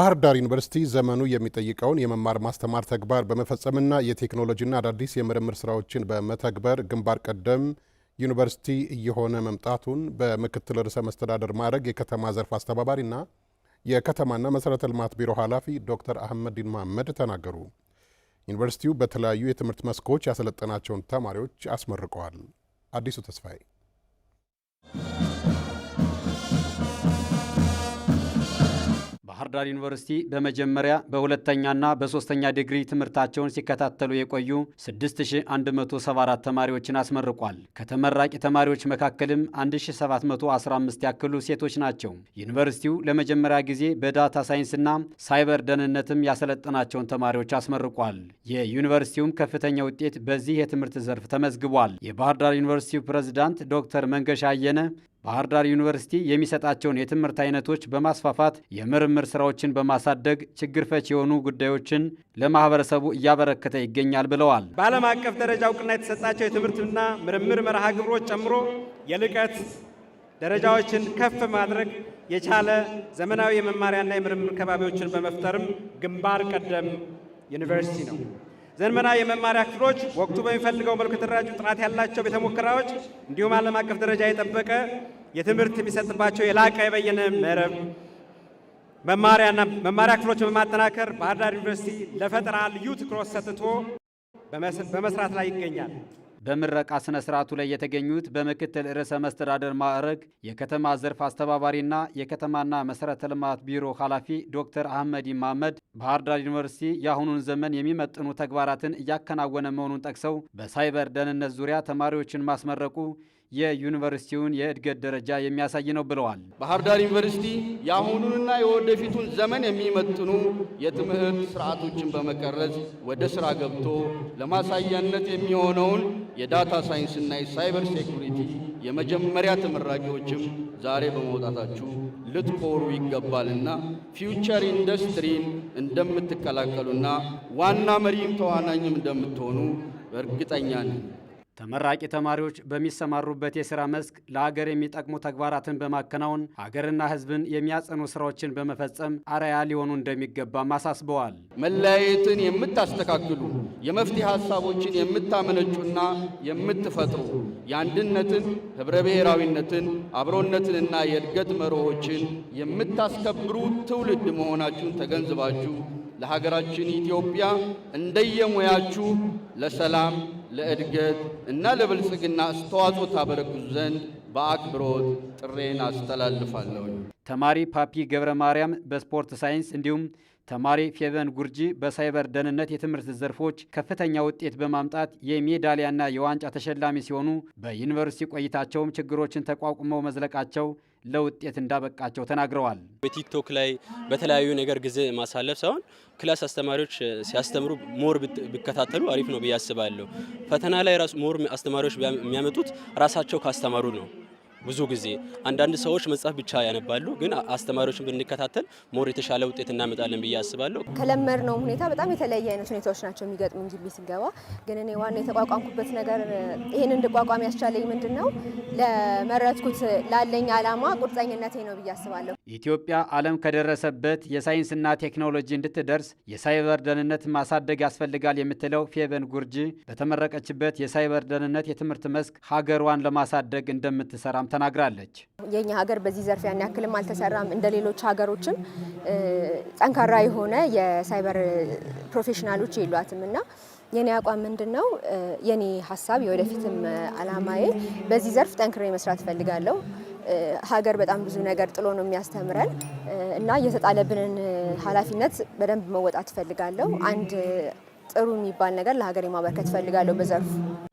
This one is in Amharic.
ባህር ዳር ዩኒቨርሲቲ ዘመኑ የሚጠይቀውን የመማር ማስተማር ተግባር በመፈጸምና የቴክኖሎጂና አዳዲስ የምርምር ስራዎችን በመተግበር ግንባር ቀደም ዩኒቨርሲቲ እየሆነ መምጣቱን በምክትል ርዕሰ መስተዳደር ማዕረግ የከተማ ዘርፍ አስተባባሪና የከተማና መሰረተ ልማት ቢሮ ኃላፊ ዶክተር አህመዲን መሐመድ ተናገሩ። ዩኒቨርሲቲው በተለያዩ የትምህርት መስኮች ያሰለጠናቸውን ተማሪዎች አስመርቀዋል። አዲሱ ተስፋዬ ዳር ዩኒቨርሲቲ በመጀመሪያ በሁለተኛና በሶስተኛ ዲግሪ ትምህርታቸውን ሲከታተሉ የቆዩ 6174 ተማሪዎችን አስመርቋል። ከተመራቂ ተማሪዎች መካከልም 1715 ያክሉ ሴቶች ናቸው። ዩኒቨርሲቲው ለመጀመሪያ ጊዜ በዳታ ሳይንስና ሳይበር ደህንነትም ያሰለጠናቸውን ተማሪዎች አስመርቋል። የዩኒቨርሲቲውም ከፍተኛ ውጤት በዚህ የትምህርት ዘርፍ ተመዝግቧል። የባህር ዳር ዩኒቨርሲቲው ፕሬዝዳንት ዶክተር መንገሻ አየነ ባህር ዳር ዩኒቨርሲቲ የሚሰጣቸውን የትምህርት አይነቶች በማስፋፋት የምርምር ስራዎችን በማሳደግ ችግር ፈች የሆኑ ጉዳዮችን ለማህበረሰቡ እያበረከተ ይገኛል ብለዋል። በዓለም አቀፍ ደረጃ እውቅና የተሰጣቸው የትምህርትና ምርምር መርሃ ግብሮች ጨምሮ የልቀት ደረጃዎችን ከፍ ማድረግ የቻለ ዘመናዊ የመማሪያና የምርምር ከባቢዎችን በመፍጠርም ግንባር ቀደም ዩኒቨርሲቲ ነው። ዘመናዊ የመማሪያ ክፍሎች፣ ወቅቱ በሚፈልገው መልኩ የተደራጁ ጥራት ያላቸው ቤተ ሙከራዎች እንዲሁም ዓለም አቀፍ ደረጃ የጠበቀ የትምህርት የሚሰጥባቸው የላቀ የበየነ መረብ መማሪያና መማሪያ ክፍሎች በማጠናከር ባህር ዳር ዩኒቨርሲቲ ለፈጠራ ልዩ ትኩረት ሰጥቶ በመስራት ላይ ይገኛል። በምረቃ ስነ ስርዓቱ ላይ የተገኙት በምክትል ርዕሰ መስተዳደር ማዕረግ የከተማ ዘርፍ አስተባባሪና የከተማና መሰረተ ልማት ቢሮ ኃላፊ ዶክተር አህመድ ማመድ ባህር ዳር ዩኒቨርሲቲ የአሁኑን ዘመን የሚመጥኑ ተግባራትን እያከናወነ መሆኑን ጠቅሰው በሳይበር ደህንነት ዙሪያ ተማሪዎችን ማስመረቁ የዩኒቨርሲቲውን የእድገት ደረጃ የሚያሳይ ነው ብለዋል። ባህር ዳር ዩኒቨርሲቲ የአሁኑንና የወደፊቱን ዘመን የሚመጥኑ የትምህርት ስርዓቶችን በመቀረጽ ወደ ስራ ገብቶ ለማሳያነት የሚሆነውን የዳታ ሳይንስና የሳይበር ሴኩሪቲ የመጀመሪያ ተመራቂዎችም ዛሬ በመውጣታችሁ ልትኮሩ ይገባልና ፊውቸር ኢንዱስትሪን እንደምትቀላቀሉና ዋና መሪም ተዋናኝም እንደምትሆኑ እርግጠኛ ነን። ተመራቂ ተማሪዎች በሚሰማሩበት የሥራ መስክ ለሀገር የሚጠቅሙ ተግባራትን በማከናወን ሀገርና ሕዝብን የሚያጸኑ ስራዎችን በመፈጸም አርአያ ሊሆኑ እንደሚገባም አሳስበዋል። መለያየትን የምታስተካክሉ የመፍትሄ ሀሳቦችን የምታመነጩና የምትፈጥሩ የአንድነትን፣ ህብረ ብሔራዊነትን፣ አብሮነትንና የእድገት መርሆችን የምታስከብሩ ትውልድ መሆናችሁን ተገንዝባችሁ ለሀገራችን ኢትዮጵያ እንደየሙያችሁ ለሰላም ለእድገት እና ለብልጽግና አስተዋጽኦ ታበረክቱ ዘንድ በአክብሮት ጥሬን አስተላልፋለሁ። ተማሪ ፓፒ ገብረ ማርያም በስፖርት ሳይንስ እንዲሁም ተማሪ ፌቨን ጉርጂ በሳይበር ደህንነት የትምህርት ዘርፎች ከፍተኛ ውጤት በማምጣት የሜዳሊያና የዋንጫ ተሸላሚ ሲሆኑ በዩኒቨርሲቲ ቆይታቸውም ችግሮችን ተቋቁመው መዝለቃቸው ለውጤት እንዳበቃቸው ተናግረዋል። በቲክቶክ ላይ በተለያዩ ነገር ጊዜ ማሳለፍ ሳይሆን ክላስ አስተማሪዎች ሲያስተምሩ ሞር ቢከታተሉ አሪፍ ነው ብዬ አስባለሁ። ፈተና ላይ ሞር አስተማሪዎች የሚያመጡት ራሳቸው ካስተማሩ ነው። ብዙ ጊዜ አንዳንድ ሰዎች መጽሐፍ ብቻ ያነባሉ፣ ግን አስተማሪዎችን ብንከታተል ሞር የተሻለ ውጤት እናመጣለን ብዬ አስባለሁ። ከለመድነው ሁኔታ በጣም የተለያየ አይነት ሁኔታዎች ናቸው የሚገጥሙ እንጂ ስንገባ ግን እኔ ዋና የተቋቋምኩበት ነገር ይህን እንድቋቋም ያስቻለኝ ምንድን ነው ለመረጥኩት ላለኝ አላማ ቁርጠኝነቴ ነው ብዬ አስባለሁ። ኢትዮጵያ ዓለም ከደረሰበት የሳይንስና ቴክኖሎጂ እንድትደርስ የሳይበር ደህንነት ማሳደግ ያስፈልጋል የምትለው ፌበን ጉርጂ በተመረቀችበት የሳይበር ደህንነት የትምህርት መስክ ሀገሯን ለማሳደግ እንደምትሰራም ተናግራለች። የኛ ሀገር በዚህ ዘርፍ ያን ያክልም አልተሰራም። እንደ ሌሎች ሀገሮችም ጠንካራ የሆነ የሳይበር ፕሮፌሽናሎች የሏትም እና የኔ አቋም ምንድን ነው? የኔ ሀሳብ የወደፊትም አላማዬ በዚህ ዘርፍ ጠንክሬ መስራት እፈልጋለሁ። ሀገር በጣም ብዙ ነገር ጥሎ ነው የሚያስተምረን እና የተጣለብንን ኃላፊነት በደንብ መወጣት እፈልጋለሁ። አንድ ጥሩ የሚባል ነገር ለሀገር የማበረከት እፈልጋለሁ በዘርፉ